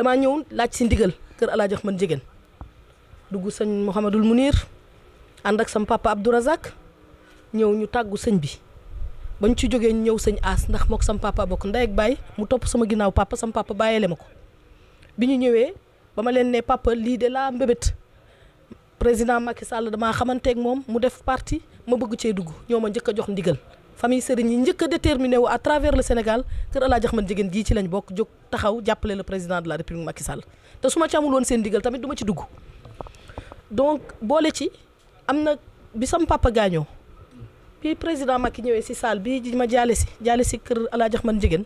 damaa ñëw laaj si ndigal kër El Hadj man Jigéen dugg sëñ Mouhamadul Munir ànd ak sam papa Abdou Razak ñëw ñu tàggu sëñ bi bañ ci jógee ñëw sëñ aas ndax mook sam papa bokk ndey ak baay mu topp sama ginnaaw papa sam papa bàyyeele ma ko bi ñu ñëwee ba ma leen ne papa lii de laa mbébét président Macky sàll damaa xamanteek moom mu def parti ma bëgg cee dugg ñoo ma njëkk jox ndigal. famille sëriñ yi njëkk a déterminé wu à travers le Sénégal kër El Hadj Axmed Ndiéguène ci lañ bokk jóg taxaw jàppale le président de la république Macky Sall te su ma ci seen digal tamit du ci dugg donc boole ci am na bi sam papa gaañoo bi président Macky ñëwee si salle bi ji ma jaale si jaale si kër El Hadj Axmed Ndiéguène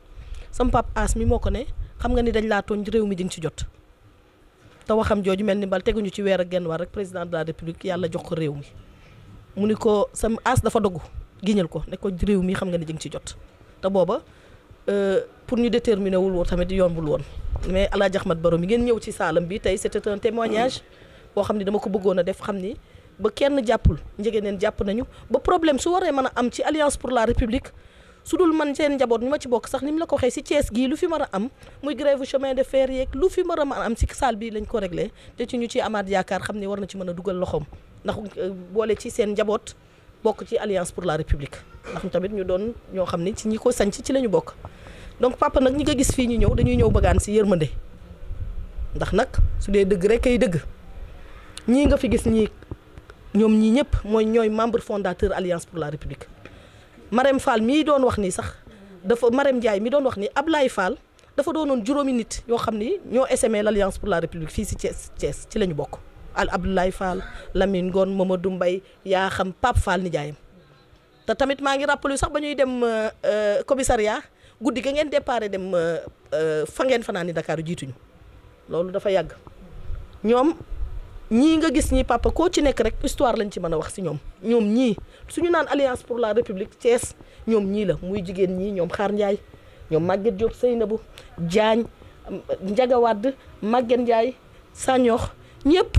sam papa as mi moo ko ne xam nga ni dañ laa tooñ réew mi di ci jot te waxam jooju mel ni bal teguñu ci weer ak genn war rek président de la république yàlla jox ko réew mi mu ni ko sam as dafa dogu giñal ko ne ko réew mi xam nga ne jëng ci jot te booba euh, pour ñu déterminer wul woon tamit yombul woon mais El Hadj Ahmed Baro mi ngeen ñëw ci saalam bi tey c'était un témoignage boo xam ne dama ko bëggoon def xam ni ba kenn jàppul njege neen jàpp nañu ba problème su waree man a am ci alliance pour la république su dul man seen njaboot ñu ma ci bokk sax ni mu la ko waxee si Thiès gii lu fi mën a am muy grève chemin de fer yeeg lu fi mën a am ko réglé te ci ñu ciy ne war na ci mën a dugal loxoom ndax euh, boole ci seen bokk ci alliance pour la république ndax tamit ñu doon ñoo xam ne ci ñi ko sanc ci la ñu bokk donc papa nag ñi ko gis fii ñu ñëw dañuy ñëw bëggaan si yërmande ndax nag su dee dëgg rek ay dëgg ñii nga fi gis ñii ñoom ñii ñëpp mooy ñooy membre fondateur alliance pour la république Marème Fall mii doon wax nii sax dafa Marème njaay mi doon wax ni Ablaye Fall dafa doonoon juróomi nit yoo xam ni ñoo SME l' alliance pour la république fii si Thiès cee ci la bokk. al Abdoulaye Fall Lamine Ngone Mamadou dumbay yaa xam Pape Fall nijaayam te tamit maa ngi rappelé sax ba ñuy dem euh, euh, commissariat guddi ga ngeen déparé dem euh, fa ngeen fanaan ni Dakar jiituñu loolu dafa yàgg ñoom ñii nga gis ñii papa koo ci nekk rek histoire lañ ci mën a wax si ñoom ñoom ñii suñu naan alliance pour la république Thiès ñoom ñii la muy jigéen ñii ñoom Xaar Ndiaye ñoom Maguette Diop Seynabou Diagne Ndiaga Wade màgget njaay Sañox ñëpp.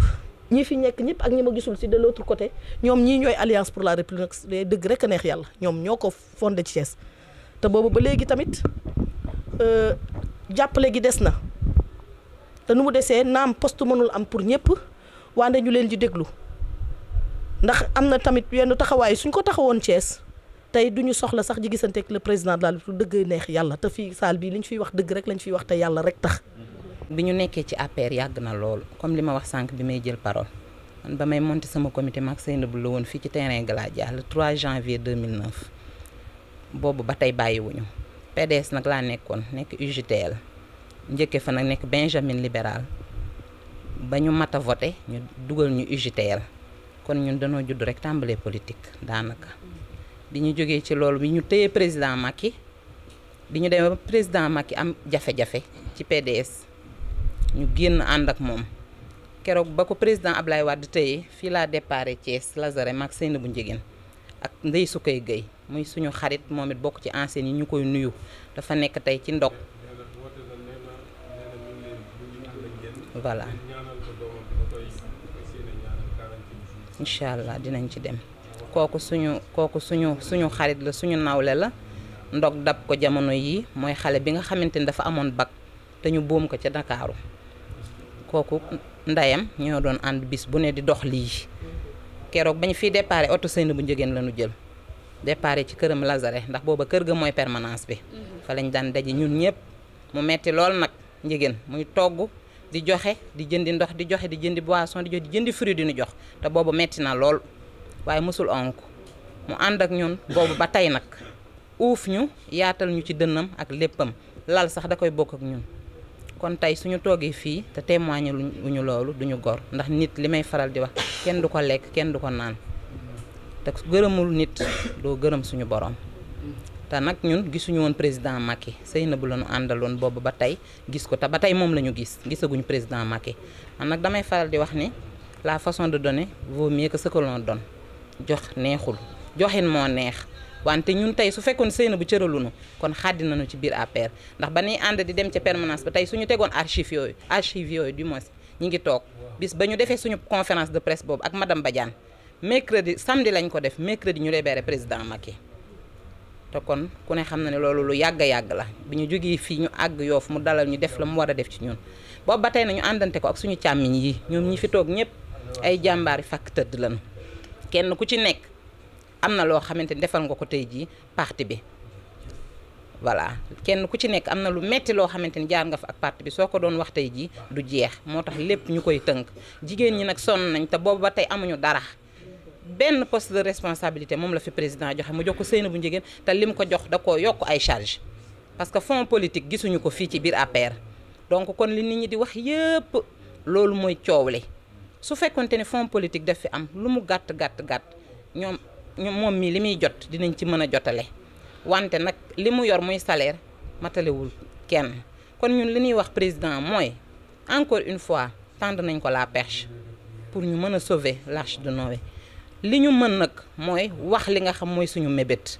ñi fi nekk ñëpp ak ñu ma gisul si de l' autre côté ñoom ñii ñooy alliance pour la république dëgg rek a neex yàlla ñoom ñoo ko fondé ci te boobu ba léegi tamit euh, jàppale gi des na te nu mu desee naam poste mënul am pour ñëpp wande ñu leen di déglu ndax am na tamit yenn taxawaay suñ ko taxawoon Thiès tey duñu ñu soxla sax ji gisante ak le président daal la République dëgg neex yàlla te fii saal bii li ñu fiy wax dëgg rek lañ fiy wax te yàlla rek tax. bi ñu nekkee ci APR yàgg na loolu comme li ma wax sànq bi may jël parole man ba may monter sama comité mag Seynabou la woon fii ci terrain Gladia le 3 janvier 2009 boobu ba tey bàyyiwuñu PDS nag laa nekkoon nekk UJTL njëkkee fa nag nekk Benjamin libéral ba ñu mat a ñu dugal ñu UJTL kon ñun danoo judd rek tàmbalee politique daanaka bi ñu jógee ci loolu bi ñu tëyee président Macky bi ñu dee ba président Macky am jafe-jafe ci PDS. ñu génn ànd ak moom keroog ba ko président Ablaye Wade tëye fii laa déparé Thiès Lazare mag Seyna bu Njëgeen ak Ndeye Soukeye Gueye muy suñu xarit moom it bokk ci anciens yi ñu koy nuyu dafa nekk tey ci ndog voilà incha allah dinañ ci dem kooku suñu kooku suñu suñu xarit la suñu nawle la ndog dab ko jamono yii mooy xale bi nga xamante ni dafa amoon bac te ñu boom ko ca Ndakaaru kooku ndeyam ñoo doon ànd bis bu ne di dox lii keroog bañ fi déparé oto sëyna bu njëgeen la ñu jël déparé ci këram Lazare ndax booba kër ga mooy permanence bi mhm. fa lañ daan daje ñun ñëpp mu metti lool nag njëgeen muy togg di joxe di jëndi ndox di joxe di jëndi boisson di joxe di jëndi fruit di ñu jox te boobu metti na lool waaye mosul onk mu ànd ak ñun boobu ba tey nag uuf ñu yaatal ñu ci dënnam ak léppam lal sax da koy bokk ak ñun kon tey suñu toogee fii te témoigné luñu loolu duñu gor ndax nit li may faral di wax kenn du ko lekk kenn du ko naan teg gërëmul nit loo gërëm suñu borom te nag ñun gisuñu woon président Macky Seynabou la ñu àndaloon boobu ba tey gis ko te ba tey moom la ñu gis gisaguñu président Macky man nag damay faral di wax ni la façon de donner vaut mieux que ce que l'on donne jox neexul joxin moo neex wante ñun tey su fekkoon Seyna bu cëralunu kon xàddi nañu ci biir APR ndax ba ñuy ànd di dem ca permanence ba tey suñu tegoon archive yooyu archive yooyu du moins ñi ngi toog bis ba ñu defee suñu conférence de presse boobu ak madame Badiane mercredi samdi lañ ko def mercredi ñu libéré président Macky te kon ku ne xam na ne loolu lu yàgg a yàgg la bu ñu jógee fii ñu àgg yoof mu dalal ñu def la mu war a def ci ñun boobu ba tey nañu àndante ko ak suñu càmmiñ yi ñoom ñi fi toog ñëpp ay jàmbaari fàkk tëdd lañu kenn ku ci nekk am na loo xamante ni defar nga ko tey jii parti bi voilà kenn ku ci nekk am na lu metti loo xamante ni jaar nga fa ak parti bi soo ko doon wax tey jii du jeex moo tax lépp ñu koy tënk jigéen ñi nag sonn nañ te boobu ba tey amuñu dara benn poste de responsabilité moom la fi président joxe mu jox ko sëyna bu njigéen te lim ko jox da koo yokk ay charge parce que fonds politique gisuñu ko fii ci biir APR donc kon li nit ñi di wax yëpp loolu mooy coow li su fekkonte ne fonds politique daf fi am lu mu gàtt gàtt gàtt ñoom moom mii li muy jot dinañ ci mën a jotale wante nag li mu yor muy salaire matalewul kenn kon ñun li ñuy wax président mooy encore une fois tendre nañ ko la perche pour ñu mën a sauver l'arche de Noé li ñu mën nag mooy wax li nga xam mooy suñu mébét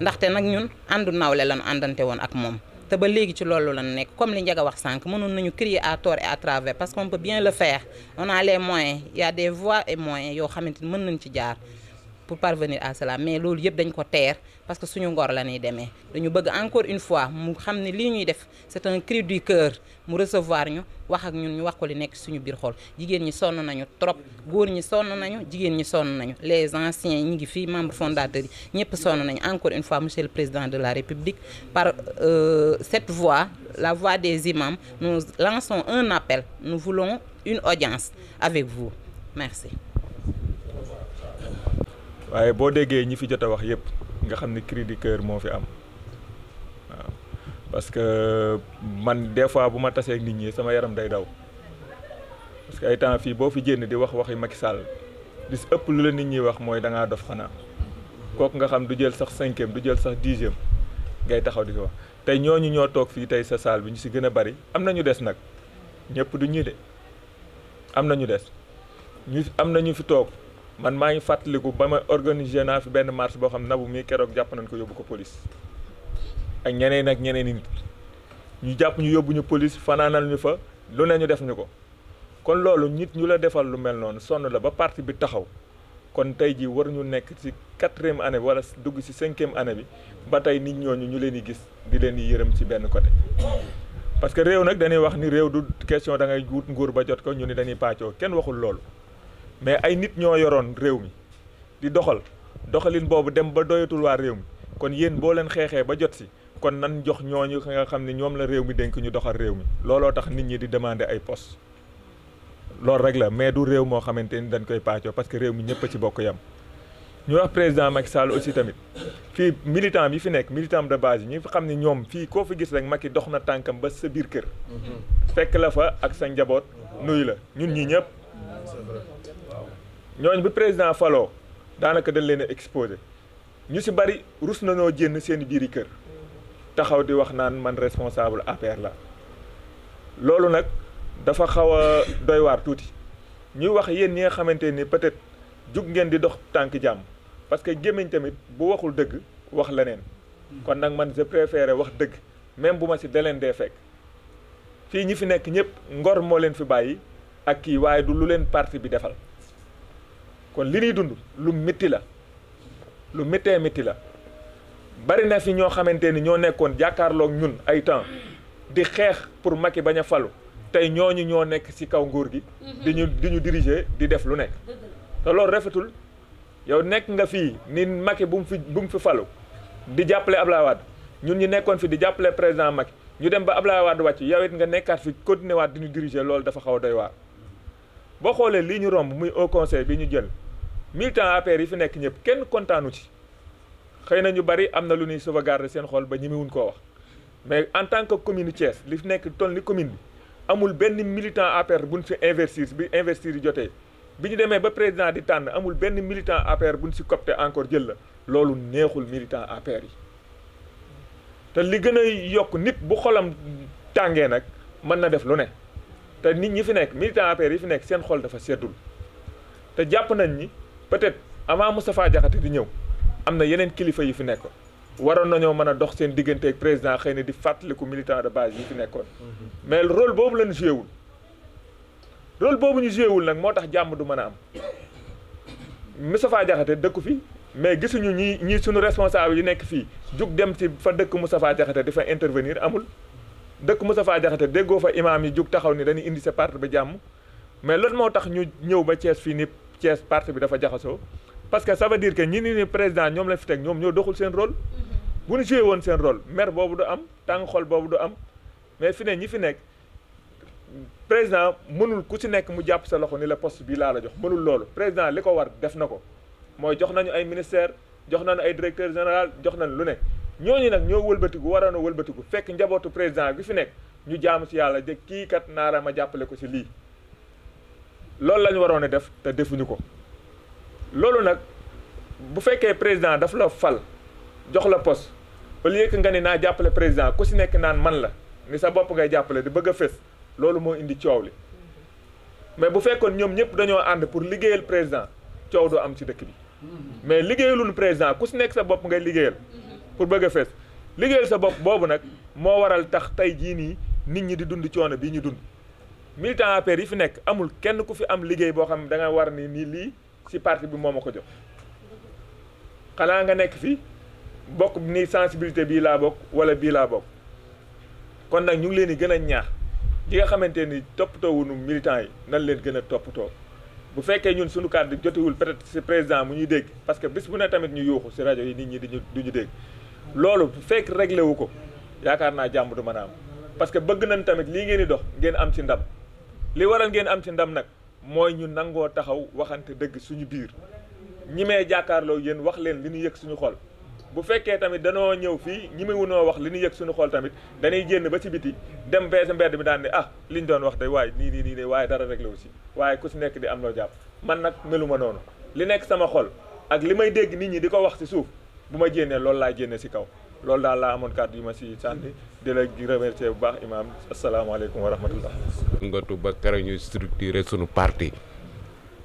ndaxte nag ñun àndu nawle lañu àndante woon ak moom te ba léegi ci loolu lañu nekk comme li Ndiaga wax sànq mënoon nañu crier à tor et à travers parce qu'on peut bien le faire on a les moyen il des vois et moyens yoo xamante ni mën nañ ci jaar pour parvenir à cela mais loolu yëpp dañ ko teer parce que suñu ngor la ñuy deme dañu bëgg encore une fois mu xam ne lii ñuy def c'est un cri du mu recevoir ñu wax ak ñu ñu wax ko li nekk suñu biir xol jigéen ñi sonn nañu trop góor ñi sonn nañu jigéen ñi sonn nañu les anciens ñi ngi fii membre fondateurs yi ñëpp sonn nañu encore une fois monsieur le président de la république par euh, cette voix la voix des imams nous lançons un appel nous voulons une audience avec vous merci waaye boo déggee ñi fi jot a wax yëpp nga xam ni cri moo fi am waaw parce que man des fois bu ma tasee ak nit ñi sama yaram day daw parce que ay temps fii boo fi génn di wax waxi Macky Sall li si ëpp lu la nit ñi wax mooy da ngaa dof xanaa kooku nga xam du jël sax cinquième du jël sax dixième ngay taxaw di ko wax tey ñooñu ñoo toog fii tey sa saal bi ñu si gën a bari am na ñu des nag ñëpp du ñuy de am na ñu des ñu am na ñu fi toog. man maa ngi fàttaliku ba ma organisé naa fi benn marche boo xam nabu mii keroog jàpp nañ ko yóbbu ko police ak ñeneen ak ñeneen nit ñu jàpp ñu yóbbu ñu police fanaanal ñu fa lu ne ñu def ñu ko kon loolu nit ñu la defal lu mel noonu sonn la ba parti bi taxaw kon tey jii war ñu nekk ci quatrième année wala dugg ci cinquième année bi ba tey nit ñooñu ñu leen di gis di leen di yërëm ci benn côté parce que réew nag dañuy wax ni réew du question da ngay wut nguur ba jot ko ñu ni dañuy pàccoo kenn waxul loolu mais ay nit ñoo yoroon réew mi di doxal doxalin boobu dem ba doyatul waa réew mi kon yéen boo leen xeexee ba jot si kon nan jox ñooñu nga xam ne ñoom la réew mi dénk ñu doxal réew mi looloo tax nit ñi di demander ay poste loolu rek la mais du réew moo xamante ni dañ koy pàccoo parce que réew mi ñëpp a ci bokk yam ñu wax président mag Sall aussi tamit fii militant bi fi nekk militant de base yi ñi xam ni ñoom fii koo fi gis rek Macky dox na tànkam ba sa biir kër. Mhm. fekk la fa ak sa njaboot. nuyu la ñun ñi ñëpp. ñooñ bi président falo daanaka dañ leen a exposé ñu si bari rus nañoo jénn seen biiri kër taxaw di wax naan man responsable APR la loolu nag dafa xaw a doy waar tuuti ñuy wax yéen ñi nga xamante ni peut-être jug ngeen di dox tànk jàmm parce que gémmiñ tamit bu waxul dëgg wax leneen kon nag man je préfère wax dëgg même bu ma si daleen dee fekk fii ñi fi nekk ñëpp ngor moo leen fi bàyyi ak kii waaye du lu leen parti bi defal kon li nuy dund lu mitti la lu méttee mitti la bari na fi ñoo xamante ni ñoo nekkoon jàkkaarloog ñun ay temps di xeex pour Macky bañ a falu tey ñoo ñooñu ñoo nekk ci kaw nguur gi di ñu di ñu diriger di def lu nekk te loolu rafetul yow nekk nga fii ni Macky bu mu fi bu mu falu di jàppale Ablaye Wade ñun ñu nekkoon fii di jàppale président Macky ñu dem ba Ablaye Wade wàcc yow it nga nekkaat fi continuer waat di ñu diriger loolu dafa xaw a doy waar boo xoolee lii ñu romb muy au conseil bi ñu jël militant APR yi fi nekk ñëpp kenn kontaanu ci xëy na ñu bari am na lu ñuy sauvegarder seen xol ba ñemewuñ koo wax mais en tant que commune Thiès li fi nekk toll ni commune bi amul benn militant APR buñ fi investir bi investir yi jotee bi ñu demee ba président di tànn amul benn militant bu buñ si copte encore jël la loolu neexul militant APR yi te li gën a yokk nit bu xolam tàngee nag mën na def lu ne te nit ñi fi nekk militant APR yi fi nekk seen xol dafa seddul te jàpp nañ ni peut-être avant Moustapha Diakhaté di ñëw am na yeneen kilifa yi fi nekk waroon nañoo mën a dox seen diggante ak président xëy na di fàttaliku militant de base yi fi nekkoon. Mhm. mais rôle boobu la ñu joué boobu ñu joué wul nag moo tax jàmm du mën a am Moustapha Diakhaté dëkku fi mais gisuñu ñi ñi suñu responsable yi nekk fii jug dem si fa dëkk Moustapha Diakhaté di intervenir amul. dëkk Moustapha Diakhaté déggoo fa imaam yi jug taxaw ni dañuy indi sa parti ba jàmm mais loolu moo tax ñu ñëw ba cees fii ni cees parti bi dafa jaxasoo parce que ça veut que ñi nii ni président ñoom la fi teg ñoom ñoo doxul seen rôle mhm. bu ñu joué woon seen rôle maire boobu du am tàng xol boobu du am mais fi ne ñi fi nekk président mënul ku ci nekk mu jàpp sa loxo ni la post bi laa la jox mënul loolu président li ko war def na ko mooy jox nañu ay ministère jox nañu ay directeur général jox nañu lu ne ñooñu nag ñoo wëlbatiku waroon a wëlbatiku fekk njabootu président bi fi nekk ñu jaamu ci yàlla de kii kat naara ma jàppale ko si lii loolu lañu waroon a def te defuñu ko loolu nag bu fekkee président daf la fal jox la pos au lieu nga ne naa jàppale président ku si nekk naan man la ni sa bopp ngay jàppale di bëgg a fës loolu moo indi coow li mais bu fekkoon ñoom ñëpp dañoo ànd pour liggéeyal président coow doo am si dëkk bi mm-hmm. mais liggéeyalul président ku si nekk sa bopp ngay liggéeyal pour bëgg a fees liggéeyal sa bopp boobu nag moo waral tax tey jii nii nit ñi di dund coono bii ñu dund militant APR yi fi nekk amul kenn ku fi am liggéey boo xam ne da nga war ni nii lii si parti bi moom ma ko jox xanaa nga nekk fi bokk ni sensibilité bii laa bokk wala bii laa bokk kon nag ñu ngi leen di gën a ñaax ñi nga xamante ni topp toppatoowuñu militant yi nan leen gën a toppatoo bu fekkee ñun suñu kàddu jotewul peut-être si président mu ñuy dégg parce que bis bu ne tamit ñu yuuxu si rajo yi nit ñi di ñu du ñu dégg loolu fekk réglé wu ko yaakaar naa jàmb du mën a am parce que bëgg nañ tamit lii ngeen di dox ngeen am ci ndam li waral ngeen am ci ndam nag mooy ñu nangoo taxaw waxante dëgg suñu biir ñi mee jàkkaarloo yéen wax leen li ñu yëg suñu xol. bu fekkee tamit danoo ñëw fii ñi noo wax li ñu yëg suñu xol tamit dañuy génn ba ci biti dem bee sa mbedd bi daan ne ah li ñu doon wax day waaye nii nii nii waaye dara réglé wu waaye ku si nekk di am noo jàpp man nag melu noonu li nekk sama xol ak li may dégg nit ñi di ko wax si suuf bu ma jénnee loolu laa génne si kaw loolu daal laa amoon kàddu yi ma si sànni di la remercier bu baax imaam asalaamaaleykum wa rahmatullah ngatu ba keroog ñu structuré sunu parti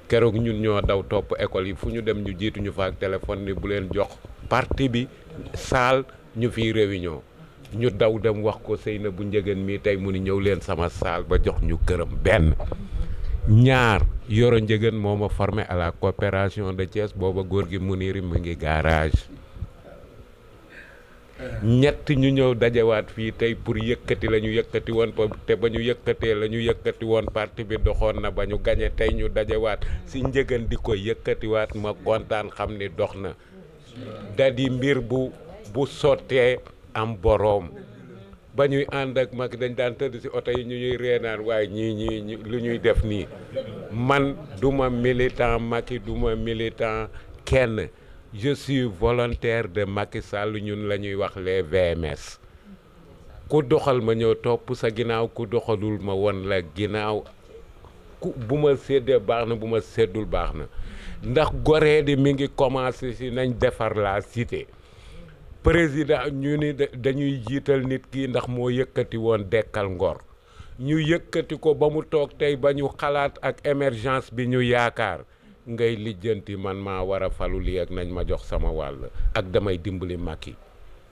keroog ñun ñoo daw topp école yi fu ñu dem ñu jiitu ñu fa ak téléphone ni bu leen jox parti bi saal ñu fiy réunion ñu daw dem wax ko sëy na bu njëgën mii tey mu ni ñëw leen sama saal ba jox ñu këram benn ñaar yoro njëgën moo ma formé à la coopération de Thiès booba góor gi mu ni mu ngi garage ñett ñu ñëw dajawaat fii tey pour yëkkati lañu ñu yëkkati woon te ba ñu yëkkatee la ñu yëkkati woon parti bi doxoon na ba ñu gañe tey ñu dajawaat si njëgan di ko yëkkatiwaat ma kontaan xam ni dox na dadi mbir bu bu sottee am boroom ba ñuy ànd ak mag dañ daan tëdd ci oto yi ñu ñuy reenaan waaye ñii ñii lu ñuy def nii man duma militant Macky duma militant kenn je suis volontaire de Macky Sall ñun la ñuy wax les VMS ku doxal ma ñëw topp sa ginnaaw ku doxalul ma won la ginnaaw ku bu ma seddee baax na bu ma séddul baax na ndax goreedi mi ngi commencé si nañ defar la cité président ñu ni dañuy jiital nit ki ndax moo yëkkati woon dekkal ngor ñu yëkkati ko ba mu toog tey ba ñu xalaat ak émergence bi ñu yaakaar ngay lijjanti man maa war a falu lii ak nañ ma jox sama wàll ak damay dimbali Macky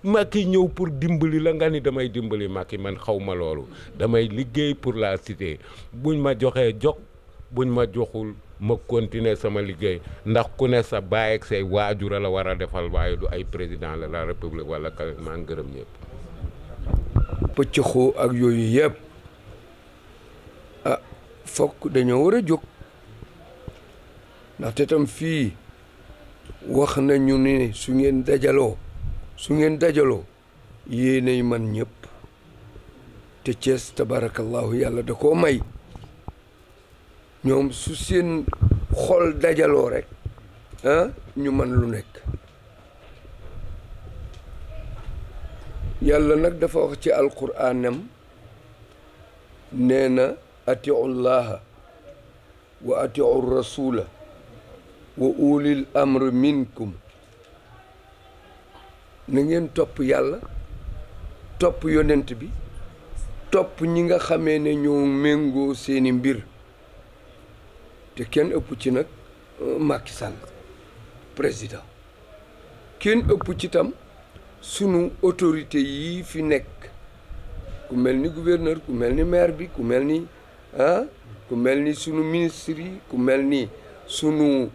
Macky ñëw pour dimbali la nga ni damay dimbali Macky man xawma loolu damay liggéey pour la cité buñ ma joxee jox buñ ma joxul ma continuer sama liggéey ndax ku ne sa baay ak say waajur a la war a defal waaye du ay président de la république wala ka gërëm ngërëm ñëpp. ak yooyu yëpp ah fokk dañoo war a jóg. ndaxte tam fii wax nañu ni su ngeen dajaloo su ngeen dajaloo yéenay man ñépp te Cees tabarakallahu yàlla da koo may ñoom su seen xol dajaloo rekk ah ñu man lu nekk yàlla nag dafa wax ci alquraanam nee na atiu llaha wa atiu rasula wa ulil amri minkum na ngeen topp yàlla topp yonent bi topp ñi nga xamee ne ñoo méngoo seeni mbir te kenn ëpp ci nag euh, Macky Sall président kenn ëpp ci tam sunu autorité yi fi nekk ku mel ni gouverneur ku mel ni maire bi ku mel ni ah ku mel ni sunu ministre ku mel ni sunu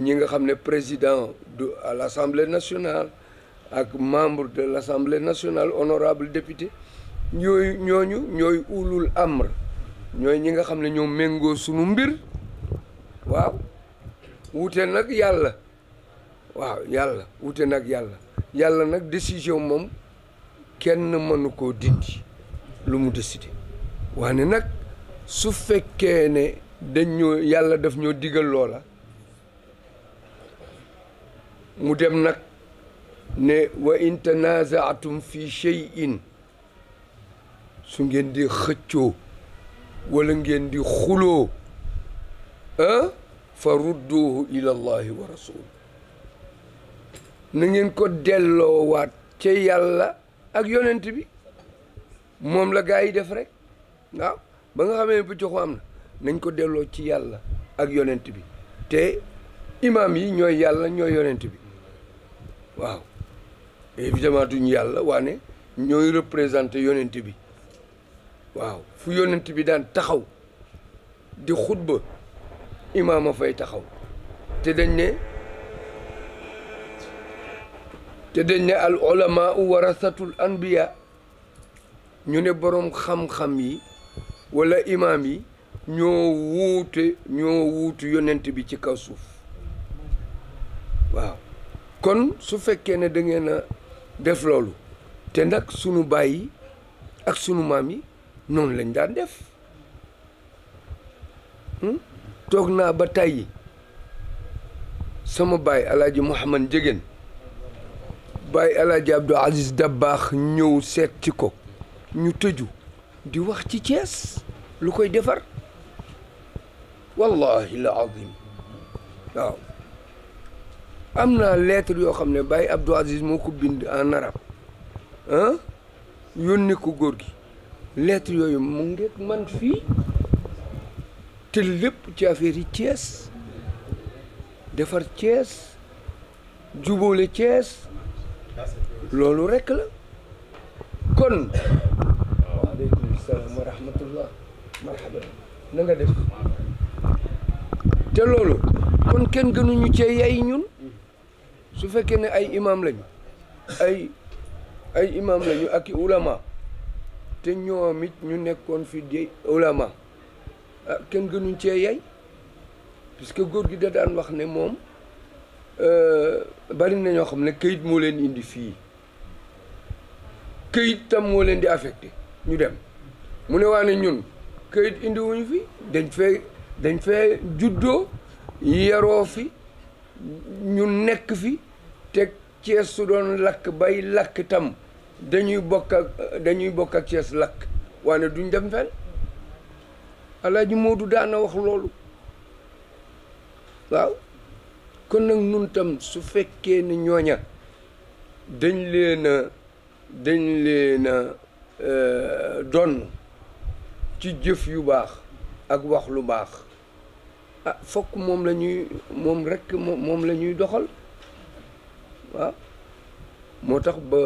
ñi nga xam ne président du à l' assemblée nationale ak membre de l' assemblée nationale honorable député ñooyu ñooñu ñooy ulul amr ñooy ñi nga xam ne ñoo méngoo sunu mbir waaw wute nag yàlla waaw yàlla wute nag yàlla yàlla nag décision moom kenn mënu ko dindi lu mu décidé waane nag su fekkee ne dañ ñoo yàlla daf ñoo digal loola mu dem nag ne wa in tanazaatum fi shay'in su ngeen di xëccoo walla ngeen di xuloo ah fa rudduhu ila wa rasul na ngeen ko delloowaat ca yàlla ak yonent bi moom la gaa yi def rek waaw ba nga xamee bu joxu am na nañ ko delloo ci yàlla ak yonent bi te imam yi ñooy yàlla ñooy yonent bi waaw évidemment duñu yàlla waane ñooy représenté yonent bi waaw fu yonent bi daan taxaw di xutba imaama fay taxaw te dañ ne te dañ ne al ulama warasatul anbiya ñu ne boroom xam-xam yi walla imaam yi ñoo wuute ñoo wuutu yonent bi ci kaw suuf waaw kon su fekkee ne dangeen a def loolu te nag sunu baay ak sunu maam yi noonu lañ daan def hmm? toog naa ba tàyyi sama baay alaaji Mouhamad Jegéen baay alaaji Abdou Aziz Dabbaax ñëw seet ci ko ñu tëju di wax ci Cees lu koy defar wallahi la azim waaw am na lettre yoo xam ne Baye Abdou Aziz moo ko bind en arabe ah ko góor gi lettre yooyu mu ngeeg man fii te lépp ci affaire yi Thiès defar Thiès jubóole cees loolu rekk la kon waaleykum salaam wa rahmatullah marhaba na nga def te loolu kon kenn gënuñu cee yay ñun su fekkee ne ay imaam lañu ay ay imaam lañu ak i ulama te ñoom it ñu nekkoon fi di ulama ah, kenn gënuñ cee yey que góor gi da daan wax ne moom euh, bari na ñoo xam ne këyit moo leen indi fii këyit tam moo leen di affecté ñu dem mu ne waane ñun këyit indi wuñu fi dañ fee dañ fee juddoo yaroo fi ñu nekk fi teg Cees su doon lakk bay lakk tam dañuy bokk ak dañuy bokk ak Cees lakk waane duñ dem fenn Alaaji Moodu daana wax loolu waaw kon nag nun tam su fekkee ne ñooña dañ leen dañ leen e, donn ci jëf yu baax ak wax lu baax ah fokk moom lañuy moom rekk moom la doxal waaw moo tax ba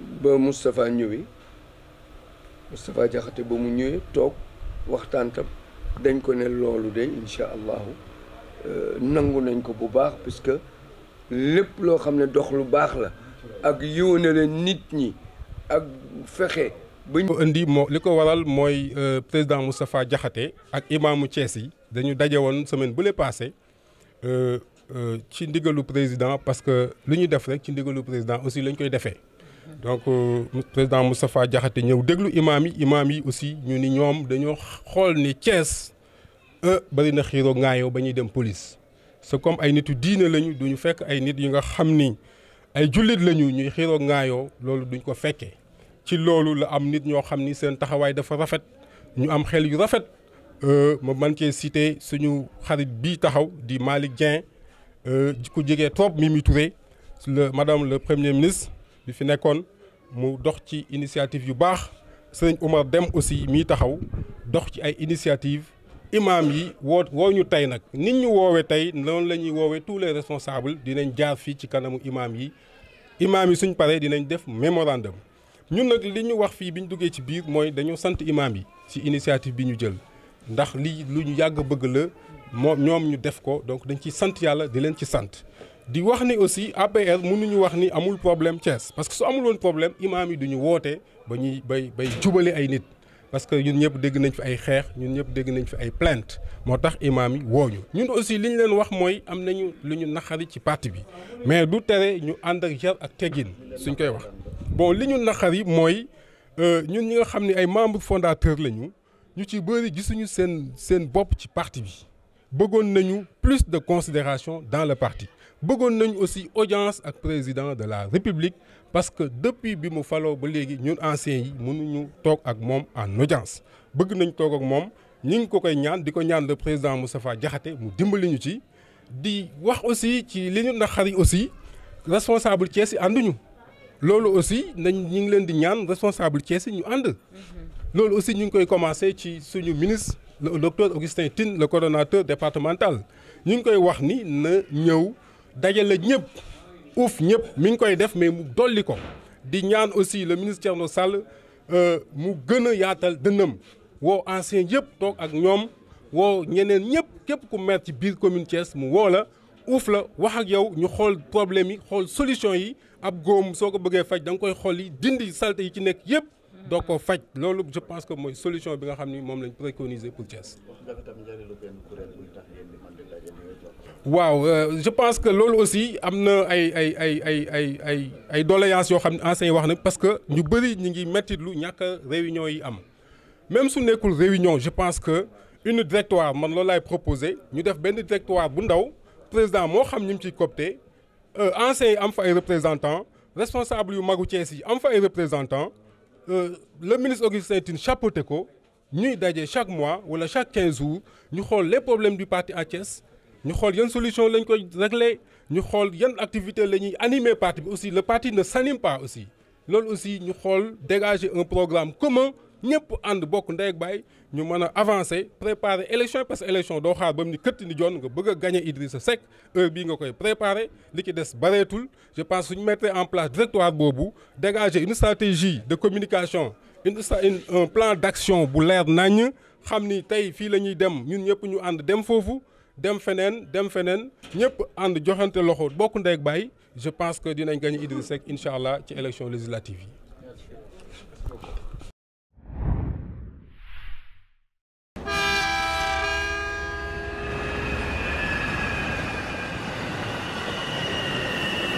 ba Moustapha ñëwee Moustapha ba mu ñëwee toog waxtaan tam dañ ko ne loolu de incha allahu euh, nangu nañ ko bu baax que lépp loo xam ne dox lu baax la ak yónnale nit ñi ak fexe ba ko indi moo li ko waral mooy euh, président Moustapha Diakhaté ak imaamu Thiès yi dañu daje woon semaine bu le passé euh, Euh, ci ndigalu président parce que lu ñu def rek ci ndigalu président aussi lañ koy defee donc euh, président Moustapha Diakhaté ñëw déglu imaam yi imaam yi aussi ñu ni ñoom dañoo xool ni Thiès euh, bari na xiiroo ŋaayoo ba ñuy dem police c'est comme ay nit nitu diine lañu ñu fekk ay nit yu nga xam ni ay jullit lañu ñuy xiiroo ŋaayoo loolu duñ ko fekkee ci loolu la am nit ñoo xam ni seen taxawaay dafa rafet ñu am xel yu rafet ma man cee cité suñu xarit bi taxaw di Malick Dieng Euh, ku jege trop Mimi Touré le madame le premier ministre bi fi nekkoon mu dox ci initiative yu baax sëñ Umar Dem aussi mii taxaw dox ci ay initiative imaam yi woo woo ñu tey nag nit ñu woowee tey noonu la ñuy woowee tous les responsables dinañ jaar fii ci kanamu imaam yi imaam yi suñ paree dinañ def mémorandum ñun nag li ñu wax fii bi ñu duggee ci biir mooy dañu sant imaam yi ci initiative bi ñu jël ndax lii lu ñu yàgg bëgg la moo ñoom ñu def ko donc dañ ci sant yàlla di leen ci sant di wax ni aussi APR mënuñu wax ni amul problème Thiès parce que su amul woon problème imaam yi duñu ñu woote ba ñuy bay bay jubale ay nit parce que ñun ñëpp dégg nañ fi ay xeex ñun ñëpp dégg nañ fi ay plainte moo tax imaam yi wooñu ñun aussi li ñu leen wax mooy am nañu lu ñu naqari ci parti bi mais du tere ñu ànd ak yar ak teggin suñ koy wax bon li ñu naqari mooy euh, ñun ñi nga xam ne ay membre fondateur lañu ñu ci bëri gisuñu seen seen bopp ci parti bi bëggoon nañu plus de considération dans le parti bëggoon nañu aussi audience ak président de la république parce que depuis bi mu faloo ba léegi ñun anciens yi mënuñu toog ak moom en audience bëgg nañ toog ak moom ñu ngi ko koy ñaan di ko ñaan le président Moustapha jaxate mu dimbali ñu ci di wax aussi ci li ñu naqar yi aussi responsable Thiès yi ànduñu loolu aussi nañ ñu ngi leen di ñaan responsable Thiès yi ñu ànd mhm. loolu aussi ñu ngi koy commencé ci suñu ministre le docteur Augustin Tine le coordonnateur départemental ñu ngi koy wax ni na ñëw dajale ñëpp uuf ñëpp mu ngi koy def mais mu dolli ko di ñaan aussi la ministre Thierno Sall euh, mu gën a yaatal dënnam woo ancien yëpp toog ak ñoom woo ñeneen ñëpp képp ku mer ci biir commune Thiès mu woo la uuf la wax ak yow ñu xool problème yi xool solution yi ab góom soo ko bëggee faj da koy xool yi dindi salte yi ci nekk yëpp doo ko faj loolu je pense que mooy solution bi nga xam ni moom lañ préconiser pour Thiès. waaw euh, je pense que loolu aussi am na ay ay ay ay ay ay ay doléances yoo xam ne enseignants yi wax na parce que ñu bëri ñu ngi mettitlu ñàkk a réunion yi am même su nekkul réunion je pense que une directoire man loolu laay proposé ñu def benn directoire bu ndaw président moo xam ñu mu ciy coopté euh, enseignants yi am fa ay représentants responsable yu magu Thiès yi am fa ay représentants Euh, le ministre Augustin Tine chapeauté ko ñuy daje chaque mois wala chaque quinze jours ñu xool les problèmes du parti à Thiès ñu xool yan solution lañ koy régler ñu xool yan activités la ñuy animer parti bi aussi le parti ne s'anime pas aussi loolu aussi ñu xool dégager un programme commun ñëpp ànd bokk ndey ak baay ñu mën a avancer préparer élection parce que élection doo xaar ba mu ni këtt ni joon nga bëgg a gagner Idrissa Seck heure bii nga koy préparer li ci des bareetul je pense suñu mettre en place directoire boobu dégager une stratégie de communication une un plan d'action bu leer nañ xam ni tey fii la ñuy dem ñun ñëpp ñu ànd dem foofu dem feneen dem feneen ñëpp ànd joxante loxo bokk ndey ak baay je pense que dinañ gagner Idrissa Seck incha allah ci élection législative yi